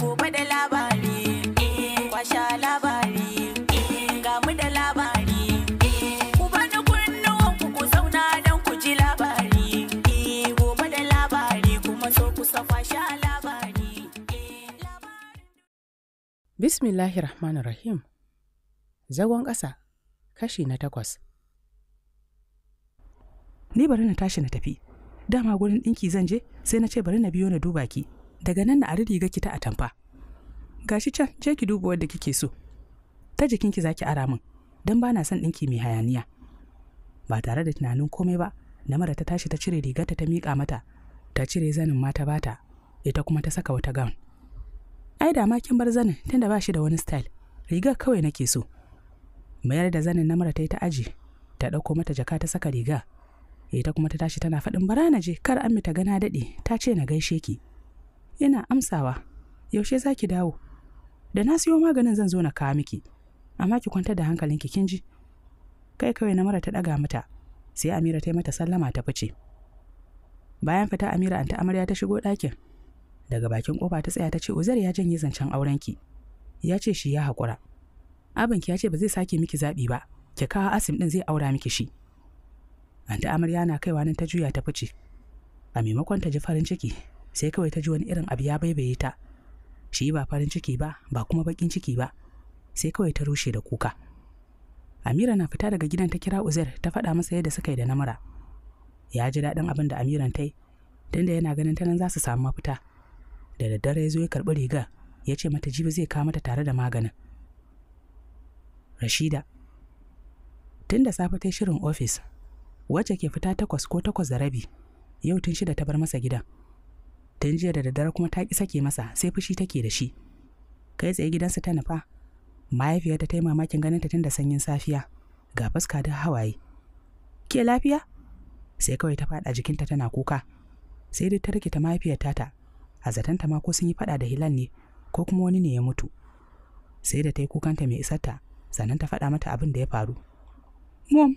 gobe da labari eh, kwasha labari eh, ga mu da labari eh, ku bani kunnuwan ku ku zauna don ku ji labari gobe da labari kuma so ku kwasha labari bismillahir rahmanir rahim zagon ƙasa kashi na takwas ni bari na tashi na tafi dama gurin ɗinki zan je sai na ce bari na biyo na duba ki daga nan na ari riga ki ta atamfa gashi can je ki duba wadda kike so ta jikinki zaki ara min dan ba na son ɗinki mai hayaniya ba tare da tunanin komai ba na mara ta tashi ta cire rigarta ta mika mata ta cire zanin ma ta bata ita kuma ta saka wata gown ai da ma kin bar zanin tunda ba shi da wani style rigar kawai nake so mayar da zanin na mara ta yi ta aji ta ɗauko mata jaka ta saka riga ita kuma ta tashi tana faɗin bara na je kar ammi ta gana daɗe ta ce na gaishe ki yana amsawa yaushe za ki dawo da na siyo maganin zan zo na kawo miki amma ki kwanta da hankalinki kin ji kai kawai na mara ta ɗaga mata sai amira ta yi mata sallama ta fice bayan fita amira anta amarya ta shigo ɗakin daga bakin ƙofa ta tsaya ta ce uzair ya janye zancen aurenki ya ce shi ya haƙura abinki ya ce ba zai sake miki zaɓi ba ki kawo asim ɗin zai aura miki shi anta amarya na kaiwa nan ta juya ta fice a maimakon ta ji farin ciki sai kawai ta ji wani irin abu ya baibaye ta shi ba farin ciki ba ba kuma bakin ciki ba sai kawai ta rushe da kuka amira na fita daga gidan ta kira uzair ta faɗa masa yadda suka yi da namura ya ji daɗin abin da amiran ta yi tunda yana ganin ta nan za su samu mafita da daddare ya zo ya karɓi rigar ya ce mata jibi zai kawo mata tare da maganin rashida tun da safe ta shirin ofis wacce ke fita takwas ko takwas da rabi yau tun shida ta bar masa gidan tun jiya da daddare kuma ta ki sake masa sai fushi take da shi kai tsaye gidansa ta nufa Mahaifiyata ta yi mamakin ganin ta tun da sanyin safiya ga fuska da hawaye ke lafiya sai kawai ta faɗa jikinta tana kuka sai dai ta rikita mahaifiyar ta. a zatanta ma ko sun yi faɗa da hilal ne ko kuma wani ne ya mutu sai da ta yi kukanta mai isar ta, sannan ta faɗa mata abin da ya faru mom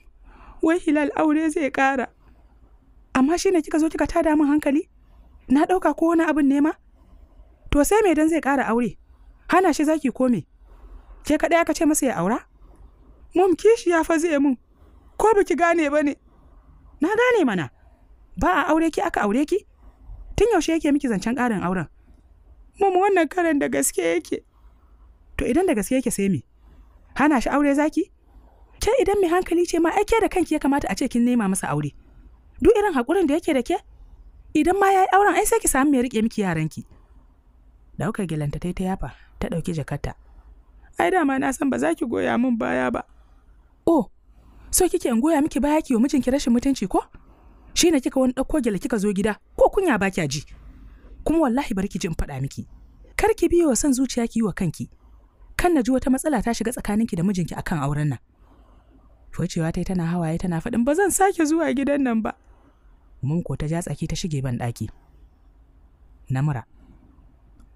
wai hilal aure zai kara. amma shi ne kika zo kika tada min hankali na ɗauka ko wani abin nema to sai me dan zai ƙara aure hana shi zaki ko me ke kaɗai aka ce masa ya aura mum kishi ya fa zai mun ko biki gane ba ne na gane mana ba a aure ki aka aure ki tun yaushe yake miki zancen ƙarin auren mum wannan karan da gaske yake to idan da gaske yake sai me hana shi aure zaki ke idan mai hankali ce ma ake da kanki ya kamata a ce kin nema masa aure duk irin haƙurin da yake da ke idan ma ya yi auren ai sai ki samu mai rike miki yaranki kuka gilanta tai ta yafa ta dauki jakarta ai dama na san ba za ki goya min baya ba oh so kike in goya miki baya ki wa mijinki rashin mutunci ko shi ne kika wani ɗauko gila kika zo gida ko kunya ba kya ji kuma wallahi bari ki ji in faɗa miki kar ki biyo wa son zuciya ki yi wa kanki kan na ji wata matsala ta shiga tsakaninki da mijinki akan auren nan Focewa ta tana hawaye tana faɗin ba zan sake zuwa gidan nan ba mun ko ta ja tsaki ta shige ban ɗaki namura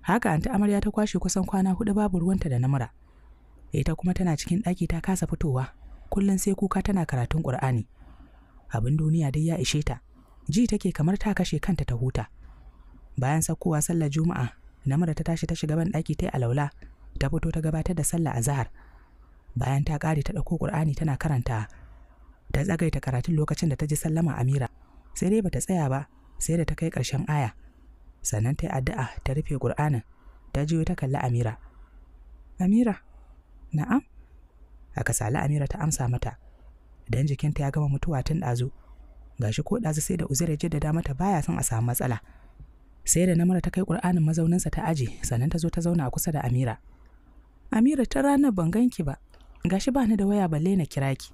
haka anta amarya ta kwashe kusan kwana hudu babu ruwanta da namura ita kuma tana cikin ɗaki ta kasa fitowa kullum sai kuka tana karatun ƙur'ani abin duniya dai ya ishe ta ji take kamar ta kashe kanta ta huta bayan sakkowa sallar juma'a namura ta tashi ta shiga ban ɗaki ta yi alaula ta fito ta gabatar da sallah azahar bayan ta ƙare ta ɗauko ƙur'ani tana karanta ta tsagaita karatun lokacin da ta ji sallama amira sai dai bata tsaya ba sai da ta kai ƙarshen aya sannan ta yi addu'a ta rufe ƙur'anin ta jiyo ta kalli amira amira na'am a sali amira ta amsa mata dan jikinta ya gama mutuwa tun ɗazu gashi ko ɗazu sai da uzair ya jaddada mata baya son a samu matsala sai da namara ta kai ƙur'anin mazauninsa ta aji sannan ta zo ta zauna a kusa da amira amira ta ranar ban ganki ba gashi ba ni da waya balle na kira ki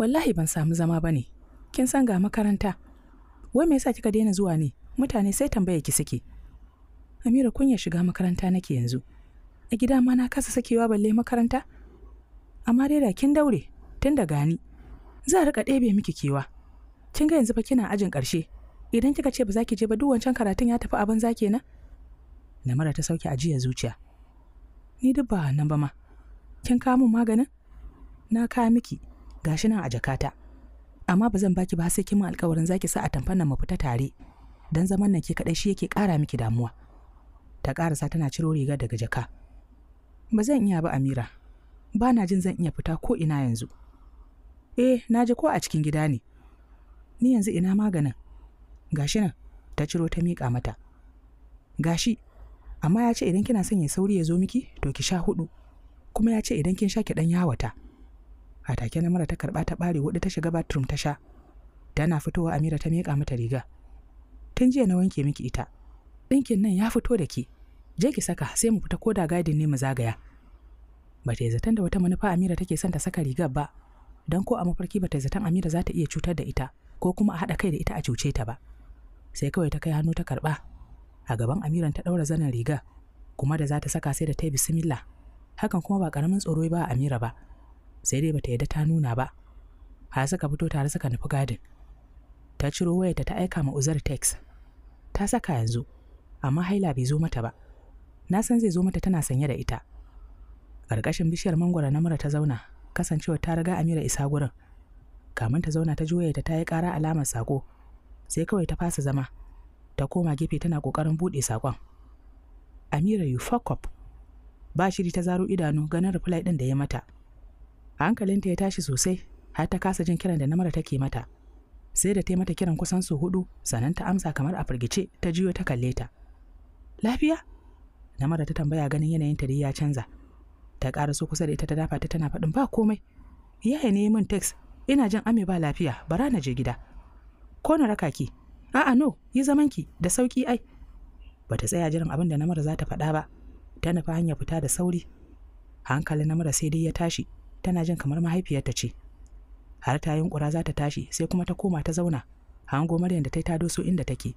wallahi ban samu zama ba ne kin san ga makaranta wai me yasa kika daina zuwa ne mutane sai tambaya ki suke amira kunya shiga makaranta nake yanzu a gida ma na kasa sakewa balle makaranta amma dai da kin daure tun da gani za a rika ɗebe miki kewa kin ga yanzu fa kina ajin ƙarshe idan kika ce ba za ki je ba duk wancan karatun ya tafi abin zaki na na mara ta sauke ajiya zuciya ni duk ba nan ba ma kin kawo min maganin na kawo miki gashi nan a jakata amma ba zan baki ba sai kin min alƙawarin zaki sa a tamfan nan mu fita tare dan zaman nan ke kadai shi yake ƙara miki damuwa ta ƙarasa tana ciro riga daga jaka ba zan iya ba Amira ba na jin zan iya fita ko ina yanzu eh na ji ko a cikin gida ne ni yanzu ina maganin gashi nan ta ciro ta miƙa mata gashi amma ya ce idan kina son ya sauri ya zo miki to ki sha hudu kuma ya ce idan kin sha ki dan yawata a take na mara ta karɓa ta ɓare wadda ta shiga bathroom ta sha tana fitowa amira ta miƙa mata riga tun jiya na wanke miki ita ɗinkin nan ya fito da ki je ki saka sai mu fita ko da gadin ne mu zagaya ba ta yi zaton da wata manufa amira take son ta saka rigar ba don ko a mafarki ba ta zaton amira za ta iya cutar da ita ko kuma a haɗa kai da ita a cuce ta ba sai kawai ta kai hannu ta karɓa a gaban amiran ta ɗaura zanin riga kuma da za ta saka sai da ta yi bisimillah hakan kuma ba karamin tsoro ba amira ba sai dai bata yadda ta nuna ba har suka fito tare suka nufi gadin ta ciro wayarta ta aika ma uzar text ta saka yanzu amma haila bai zo mata ba na san zai zo mata tana sanye da ita ƙarƙashin bishiyar mangwara na mura ta zauna kasancewar ta riga amira isa gurin kamin ta zauna ta juya ta yi ƙara alamar sako sai kawai ta fasa zama ta koma gefe tana ƙoƙarin buɗe sakon amira you fuck up ba shiri ta zaro idanu ganin reply ɗin da ya mata a hankalinta ya tashi sosai har ta kasa jin kiran da namara take mata sai da ta mata kiran kusan su hudu sannan ta amsa kamar a firgice ta jiyo ta kalle ta lafiya namara ta tambaya ganin yanayin ta ya canza ta ƙara so kusa da ita ta dafa ta tana faɗin ba komai yaya ne min text ina jin ame ba lafiya bara na je gida ko na raka ki a'a no yi zaman ki da sauki ai bata tsaya jiran abin da namara za ta faɗa ba ta nufa hanya fita da sauri hankalin namara sai dai ya tashi tana jin kamar mahaifiyarta ce har ta yunkura za ta tashi sai kuma ta koma ta zauna hango maryam da ta ta doso inda take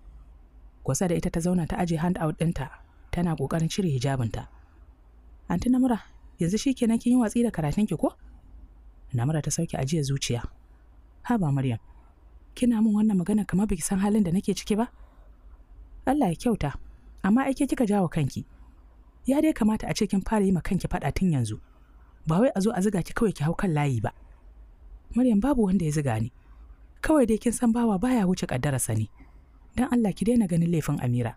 kusa da ita ta zauna ta aje hand out ɗinta tana ƙoƙarin cire hijabinta anti namura yanzu shi kenan kin yi watsi da karatun ki ko namura ta sauke ajiyar zuciya ba maryam kina min wannan magana kamar biki san halin da nake ciki ba Allah ya kyauta amma aike kika jawo kanki ya dai kamata a ce kin fara yi ma kanki faɗa tun yanzu ba wai a zo a ziga ki kawai ki hau kan layi ba maryam babu wanda ya ziga ni kawai dai kin san bawa baya wuce kaddarasa ne dan Allah ki daina ganin laifin Amira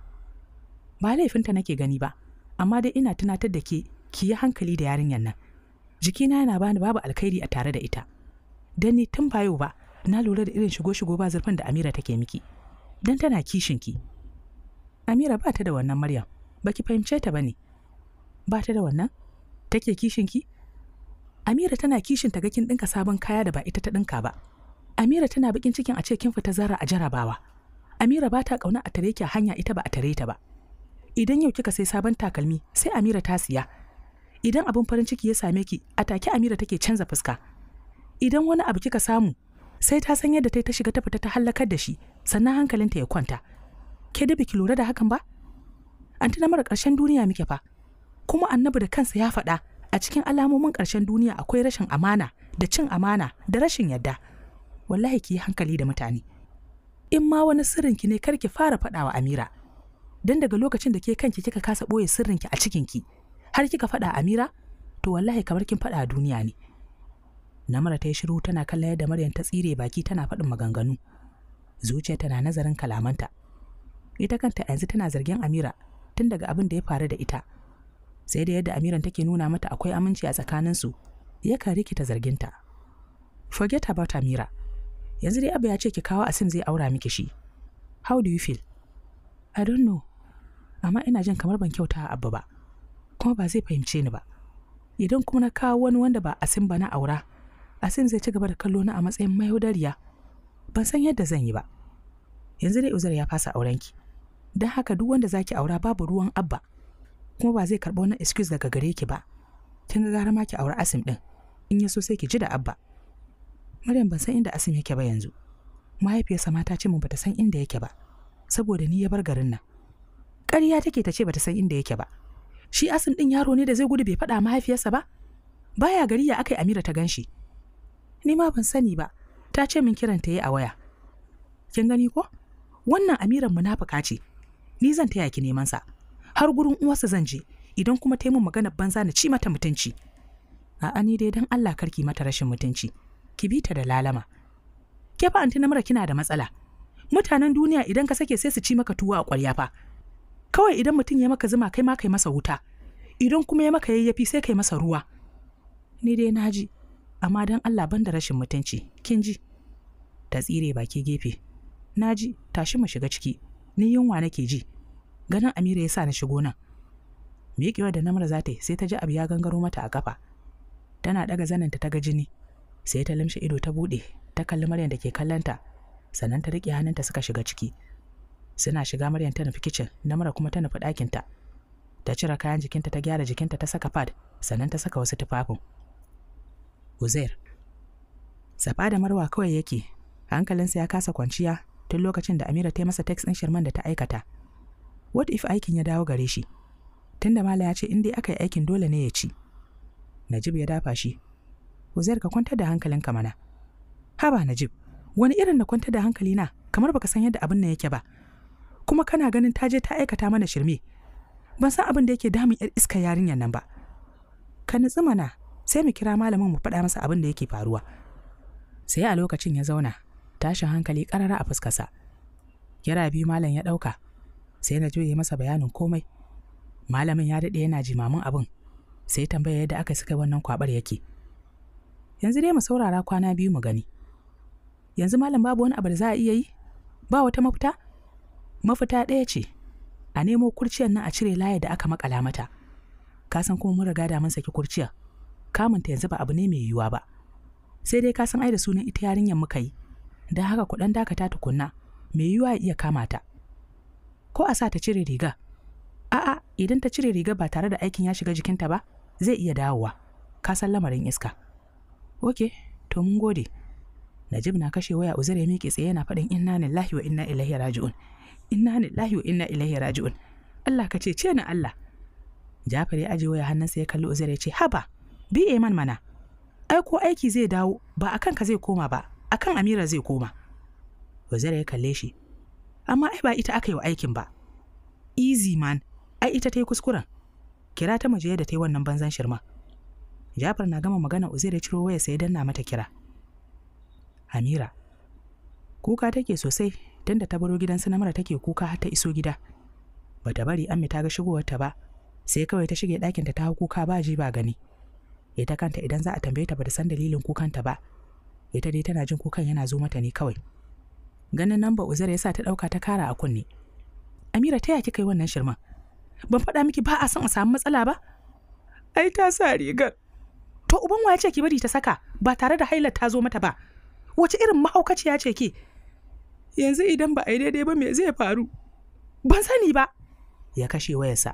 ba laifinta nake gani ba amma dai ina tunatar da ke ki yi hankali da yarinyar nan jikina yana bani babu alkhairi a tare da ita dan ni tun bayo ba na lura da irin shigo-shigo ba zurfin da Amira take miki dan tana kishin ki Amira ba ta da wannan Maryam baki fahimce ta bane ba ta da wannan take kishin ki Amira tana kishin ta kin ɗinka sabon kaya da ba ita ta ɗinka ba. Amira tana bakin cikin a ce kin fita zara a jarabawa. Amira ba ta ƙauna a tare ki hanya ita ba a tare ta ba. Idan yau kika sai sabon takalmi sai Amira ta siya. Idan abin farin ciki ya same ki a take Amira take canza fuska. Idan wani abu kika samu sai ta san yadda ta ta shiga ta fita ta hallakar da shi sannan hankalinta ya kwanta. Ke da biki lura da hakan ba? An tuna mara ƙarshen duniya muke fa. Kuma annabi da kansa ya faɗa a cikin alamomin ƙarshen duniya akwai rashin amana da cin amana da rashin yadda wallahi ki yi hankali da mutane in ma wani sirrinki ne kar ki fara faɗawa amira don daga lokacin da ke kanki kika kasa ɓoye ki a cikin ki, har kika faɗa amira to wallahi kamar kin faɗa duniya ne namara ta yi shiru tana kallon yadda maryam ta tsire baki tana faɗin maganganu zuciya tana nazarin kalamanta ita kanta yanzu tana zargin amira tun daga abin da ya faru da ita sai da yadda amiran take nuna mata akwai aminci a tsakaninsu yakan rikita zarginta forget about amira yanzu dai abu ya ce ki kawo asim zai aura miki shi how do you feel i don't know amma ina jin kamar ban kyauta a abba ba kuma ba zai fahimce ni ba idan kuma na kawo wani wanda ba asim ba na aura asim zai ci gaba da kallo na a matsayin mayaudariya ban san yadda zan yi ba yanzu dai uzar ya fasa aurenki don haka duk wanda zaki aura babu ruwan abba kuma ba zai karɓi wani excuse daga gare ki ba kin ga gara ma ki aure asim din in ya so sai ki ji da abba maryam ban san inda asim yake ba yanzu mahaifiyarsa ma ta ce min bata san inda yake ba saboda ni ya bar garin nan ƙarya take ta ce bata san inda yake ba shi asim din yaro ne da zai gudu bai faɗa mahaifiyarsa ba baya gari ya akai amira ta ganshi ni ma ban sani ba ta ce min kiran ta yi a waya kin gani ko wannan amiran munafuka ce ni zan taya ki neman sa har gurin uwarsa zan je idan kuma ta yi min magana banza na ci mata mutunci a'a ni dai dan Allah karki mata rashin mutunci ki bi ta da lalama ke fa anti mura kina da matsala mutanen duniya idan ka sake sai su ci maka tuwo a ƙwarya fa kawai idan mutum ya maka zuma kai ma kai masa wuta idan kuma ya maka yayyafi sai kai masa ruwa ni dai na ji amma dan Allah ban da rashin mutunci kin ji ta tsire baki gefe naji tashi mu shiga ciki ni yunwa nake ji ganin amira ya sa na shigo nan miƙewa da namar za ta yi sai ta ji abu ya gangaro mata a kafa tana ɗaga zananta ta ga jini sai ta limshe ido ta buɗe ta kalli maryam da ke kallonta sannan ta riƙe hannunta suka shiga ciki suna shiga maryam ta nufi kicin namar kuma ta nufi ɗakinta ta cire kayan jikinta ta gyara jikinta ta saka pad sannan ta saka wasu tufafin uzair safa da marwa kawai yake hankalinsa ya kasa kwanciya tun lokacin da amira ta yi masa text ɗin shirman da ta aikata what if aikin ya dawo gare shi tunda Malam ya ce in dai aka yi aikin dole ne ya ci najib ya dafa shi uzair ka kwantar da hankalinka mana haba najib wani irin na kwantar da hankali na kamar baka san yadda abin nan yake ba kuma kana ganin ta je ta aikata mana shirme ban san abin da yake damun yar iska yarinyar nan ba ka nutsu mana sai mu kira malamin mu faɗa masa abin da yake faruwa sai a lokacin ya zauna tashin hankali ƙarara a fuskarsa yara biyu malam ya ɗauka sai na juye masa bayanin komai malamin ya daɗe yana jimamin abin sai tambaya yadda aka suka wannan kwabar yake yanzu dai mu saurara kwana biyu mu gani yanzu malam babu wani abu da za a iya yi ba wata mafita mafita ɗaya ce a nemo kurciyar nan a cire layar da aka makala mata ka san kuma mun riga da mun saki kurciyar kamunta yanzu ba abu ne mai yiwuwa ba sai dai ka san ai da sunan ita yarinyar muka yi don haka kuɗan dakata tukunna mai yiwuwa iya kama ta ko a sa ta cire riga a'a idan ta cire riga ba tare da aikin ya shiga jikinta ba zai iya dawowa ka san lamarin iska oke to mun gode najib na kashe waya uzair ya miƙe tsaye yana faɗin inna lillahi wa inna ilaihi raji'un inna lillahi wa inna ilaihi raji'un Allah ka ce ce ni Allah Jafar ya aje waya hannunsa ya kalli Uzair ya ce haba bi iman mana ai aiki zai dawo ba akan ka zai koma ba akan Amira zai koma Uzair ya kalle shi amma ai ba ita aka yi wa aikin ba easy man ai ita ta yi kuskuren kira ta muje da ta yi wannan banzan shirma jafar na gama magana uzair ya ciro waya sai danna mata kira amira kuka take sosai tun da ta baro gidan sanamara take kuka har ta iso gida bata bari ammi ta ga shigowarta ba sai kawai ta shige ɗakinta ta hau kuka ba ji ba gani ita kanta idan za a tambaye ta ba da san dalilin kukanta ba ita dai tana jin kukan yana zo mata ne kawai ganin nan ba uzair ya sa ta ɗauka ta kara a kunne amira ta ya kika yi wannan shirman ban faɗa miki ba a son a samu matsala ba ai ta sa rigar to uban wa ya ce ki bari ta saka ba tare da hailar ta zo mata ba wace irin mahaukaciya ce ki yanzu idan ba a yi daidai ba me zai faru ban sani ba ya kashe wayarsa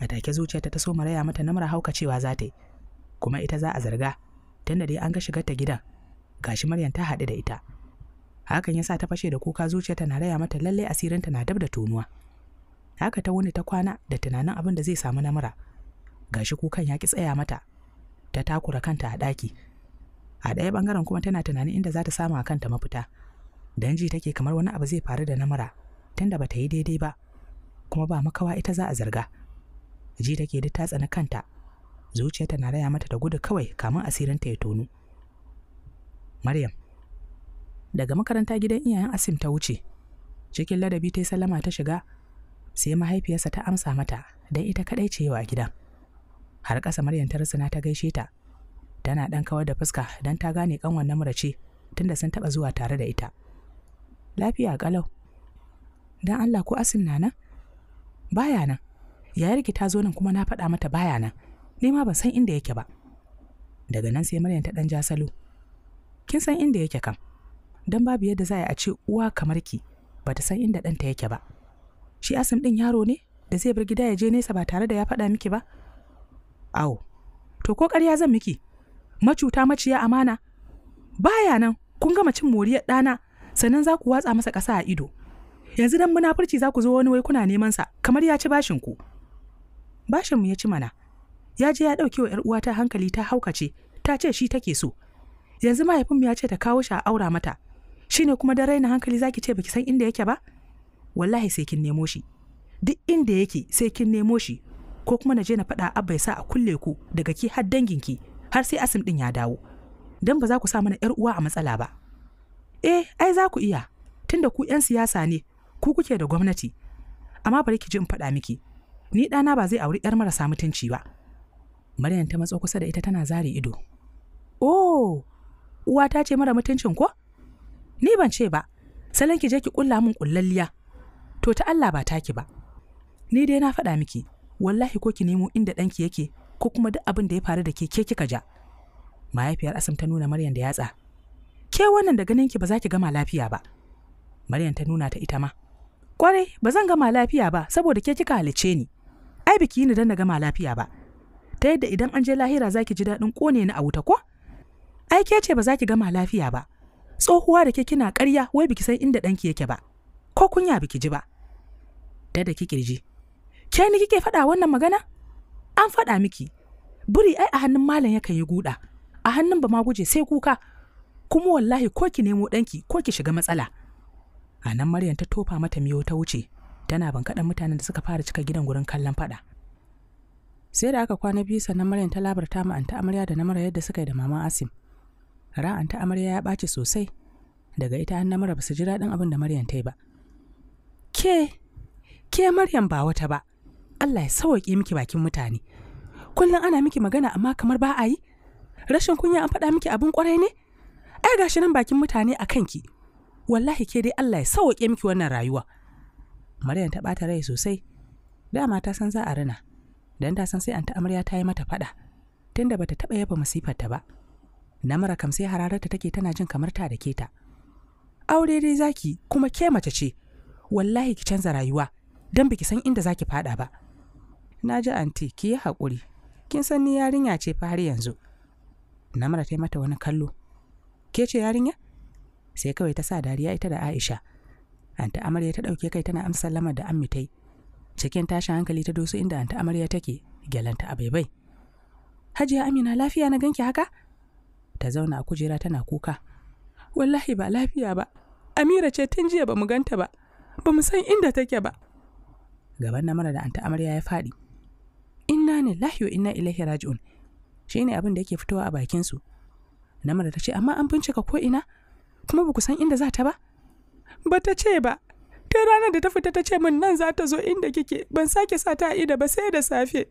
a take zuciyarta ta so maraya mata namar haukacewa za ta yi kuma ita za a zarga tunda dai an ga shigar ta gidan gashi maryam ta haɗu da ita hakan ya sa ta fashe da kuka zuciya tana raya mata lallai asirinta na dab da tonuwa haka ta wuni ta kwana da tunanin abin da zai samu na gashi kukan ya ki tsaya mata ta takura kanta a ɗaki a ɗaya ɓangaren kuma tana tunanin inda za ta samu a kanta mafita dan ji take kamar wani abu zai faru da na tunda bata yi daidai ba kuma ba makawa ita za a zarga ji take duk ta tsani kanta zuciyarta na raya mata da gudu kawai kamin asirinta ya tonu maryam daga makaranta gidan iyayen asim ta wuce cikin ladabi ta yi sallama ta shiga sai mahaifiyarsa ta amsa mata don ita kaɗai ce a gida har ƙasa maryam ta rusuna ta gaishe ta tana ɗan kawar da fuska don ta gane ƙanwan na murace tunda sun taɓa zuwa tare da ita lafiya ƙalau don allah ko asim na nan baya nan yayarki ta zo nan kuma na faɗa mata baya nan ni ma ban san inda yake ba daga nan sai maryam ta ɗan ja salo kin san inda yake kan. don babu yadda za a ce uwa kamar ki ba ta san inda ɗanta yake ba shi asim ɗin yaro ne da zai bar gida ya je nesa ba tare da ya faɗa miki ba Awo, to ko ƙarya zan miki macuta maciya amana baya nan kun gama cin moriyar ɗana sannan za ku watsa masa ƙasa a ido yanzu dan munafurci za ku zo wani wai kuna neman sa kamar ya ci bashin ku bashin mu ya ci mana ya je ya ɗauke wa ‘yar uwa ta hankali ta haukace ta ce shi take so yanzu mahaifinmu ya ce ta kawo shi a aura mata Shi ne kuma da raina hankali ki ce baki san inda yake ba wallahi sai kin nemo shi duk inda yake sai kin nemo shi ko kuma na je na faɗa abba ya sa a kulle ku daga ki har danginki har sai asim din ya dawo don ba za ku sa mana yar uwa a matsala ba eh ai za ku iya tunda ku yan siyasa ne ku kuke da gwamnati amma bari ki ji in faɗa miki ni ɗana ba zai auri yar marasa mutunci ba Maryam ta matso kusa da ita tana zare ido. Oh, uwa ta ce mara mutuncin ko? ni ban ce ba salon ki je ki kulla min kullalliya to ta Allah ba taki ba ni dai na faɗa miki wallahi ko ki nemo inda ɗanki yake ko kuma duk abin da ya faru da ke ke kika ja mahaifiyar asam ta nuna maryam da yatsa ke wannan da ganin ki ba za ki gama lafiya ba maryam ta nuna ta ita ma kwarai ba zan gama lafiya ba saboda ke kika halice ni ai biki ni dan na gama lafiya ba ta yadda idan an je lahira za ki ji daɗin kone ni a wuta ko ai ke ce ba za ki gama lafiya ba tsohuwa da ke kina karya wai biki san inda danki yake ba ko kunya biki ji ba da da kirji ke ni kike faɗa wannan magana an faɗa miki buri ai a hannun malam yakan yi guda a hannun ba ma guje sai kuka kuma wallahi ko ki nemo ɗanki ko ki shiga matsala a nan maryam ta tofa mata miyo ta wuce tana bankaɗan mutanen da suka fara cika gidan gurin kallon faɗa sai da aka kwana biyu sannan maryam ta labarta ma anta amarya da namara yadda suka yi da mama asim Ra'an ta amarya ya ɓaci sosai, daga ita an namara ba su ji daɗin abin da Maryam ta yi ba. Ke, ke Maryam ba wata ba, Allah ya sauwaƙe miki bakin mutane. Kullum ana miki magana amma kamar ba a yi? Rashin kunya an faɗa miki abin ƙwarai ne? Ai gashi nan bakin mutane a kanki. Wallahi ke dai Allah ya sauwaƙe miki wannan rayuwa. Maryam ta ɓata rai sosai. Dama ta san za a rina, Dan ta san sai an ta amarya ta yi mata faɗa, tunda bata taɓa yaba masifarta ba. mara kam sai hararta take tana jin kamar ta da ke ta aure dai zaki kuma ke mace ce wallahi ki canza rayuwa Dan biki san inda zaki fada ba na ji anti ki yi haƙuri kin san ni yarinya ce fa har yanzu mara ta mata wani kallo ke ce yarinya sai kawai ta sa dariya ita da aisha anta amarya ta ɗauke kai tana amsa lamar da ammitai. cikin tashin hankali ta dosu inda anta amarya take gyalanta a baibai hajiya amina lafiya na ganki haka ta zauna a kujera tana kuka wallahi ba lafiya ba amira ce tun jiya ba mu ganta ba ba mu san inda take ba gaban na mara da anta amarya ya faɗi inna ne lahiyo inna ilaihi raji'un ne abin da yake fitowa a bakinsu? su mara ta ce amma an bincika ko ina kuma ba ku san inda za ta ba ba ta ce ba ta ranar da ta fita ta ce min nan za ta zo inda kike ban sake sa ta a ida ba sai da safe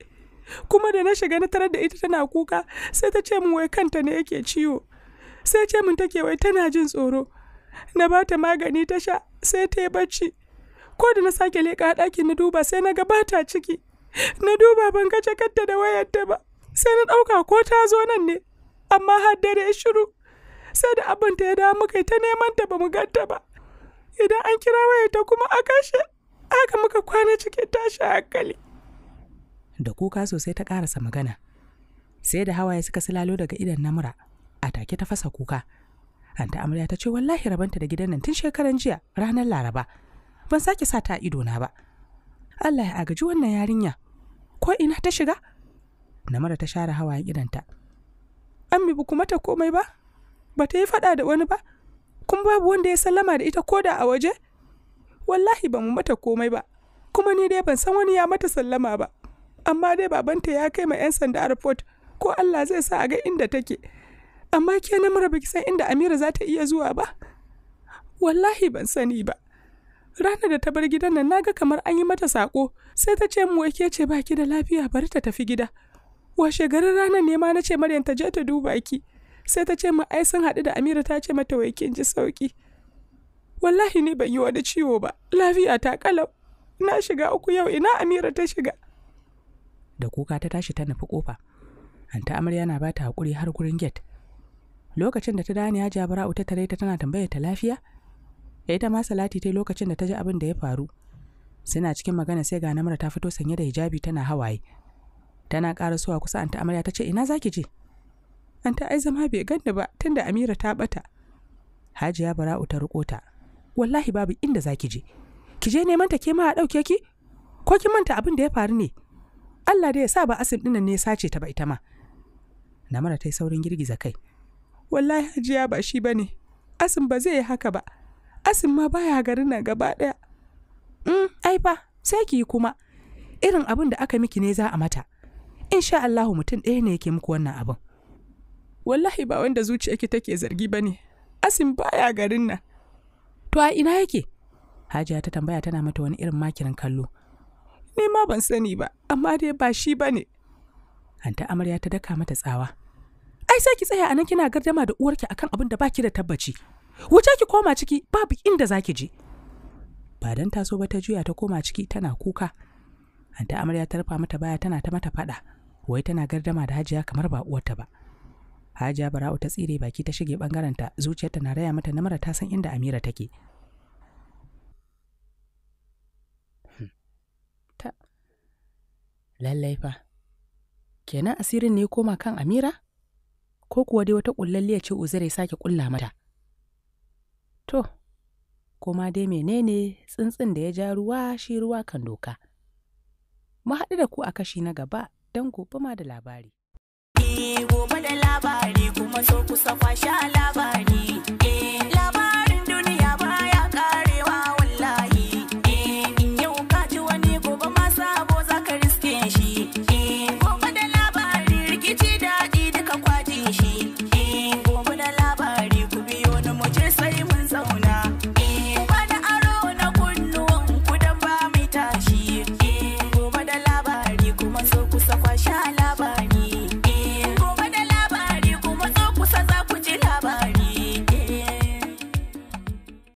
kuma da na shiga na tarar da ita tana kuka sai ta ce min wai kanta ne yake ciwo sai ce min take wai tana jin tsoro na ba ta magani ta sha sai ta yi bacci ko da na sake leƙa ɗakin na duba sai na ga ta ciki na duba ban kace kanta da wayarta ba sai na ɗauka ko ta zo nan ne amma har dare shiru sai da abinta ya dawo muka ta neman ta ba mu ganta ba idan an kira wayarta kuma a kashe haka muka kwana cikin tashi hankali da kuka sosai ta ƙarasa magana sai da hawaye suka silalo daga idan namura a take ta fasa kuka anta amarya ta ce wallahi rabanta da gidan nan tun shekaran jiya ranar laraba ban sake sa ta ido na ba Allah ya agaji wannan yarinya ko ina ta shiga namura ta share hawayen idanta An bi kuma ta komai ba ba ta yi faɗa da wani ba kuma babu wanda ya sallama da ita koda a waje wallahi ba mu mata komai ba kuma ni dai ban san wani ya mata sallama ba amma dai babanta ya kai ma 'yan sanda airport ko Allah zai sa a ga inda take amma ke na mara baki san inda Amira za ta iya zuwa ba wallahi ban sani ba ranar da ta bar gidan nan naga kamar an yi mata sako sai ta ce mu ke ce baki da lafiya bari ta tafi gida washe garin ranar ne ma na ce Maryam ta je ta duba ki sai ta ce mu ai sun haɗu da Amira ta ce mata wai kin ji sauki wallahi ni ban yi wani ciwo ba lafiya ta kalau na shiga uku yau ina Amira ta shiga da kuka ta tashi ta nufi kofa anta amarya na bata hakuri har gurin gate lokacin da ta dani hajiya bara'u ta tare ta tana tambaya ta lafiya ya ita ma salati ta lokacin da ta ji abin da ya faru suna cikin magana sai ga namara ta fito sanye da hijabi tana hawaye tana ƙara suwa kusa anta amarya ta ce ina zaki je anta ai zama bai ganni ba tunda amira ta bata hajiya bara'u ta riko ta wallahi babu inda zaki je ki je neman ta ke ma a ɗauke ki ko ki manta abin da ya faru ne Allah da ya sa ba asim dinnan ne ya sace ta ba ita ma namara ta yi saurin girgiza kai wallahi hajiya ba shi ba asim ba zai yi haka ba asim ma baya garin nan gaba daya. mm, ai fa sai ki kuma irin abin da aka miki ne za a mata insha Allah mutum ɗaya ne yake muku wannan abin wallahi ba wanda zuciyarki take zargi ba asim baya garin nan to a ina yake hajiya ta tambaya tana mata wani irin makirin kallo ne ma ban sani ba amma dai ba shi ba ne anta amarya ta daka mata tsawa ai sai ki tsaya anan kina gardama da uwarki akan abin da baki da tabbaci wuce ki koma ciki babu inda zaki je ba dan taso ba ta juya ta koma ciki tana kuka anta amarya ta rufa mata baya tana ta mata fada wai tana gardama da hajiya kamar ba uwarta ba hajiya bara'u ta tsire baki ta shige ta zuciyarta na raya mata na namara ta san inda amira take Lallai fa, kenan asirin ne koma kan Amira? Ko kuwa dai wata ƙullalliya ce Uzair ya sake ƙulla mata? To, kuma dai menene tsuntsun da ya ja ruwa shi ruwa kan doka. Mu haɗu da ku a kashi na gaba don gobe ma da labari. Eh, gobe da labari kuma so kusa kwashe labari. Eh, labari.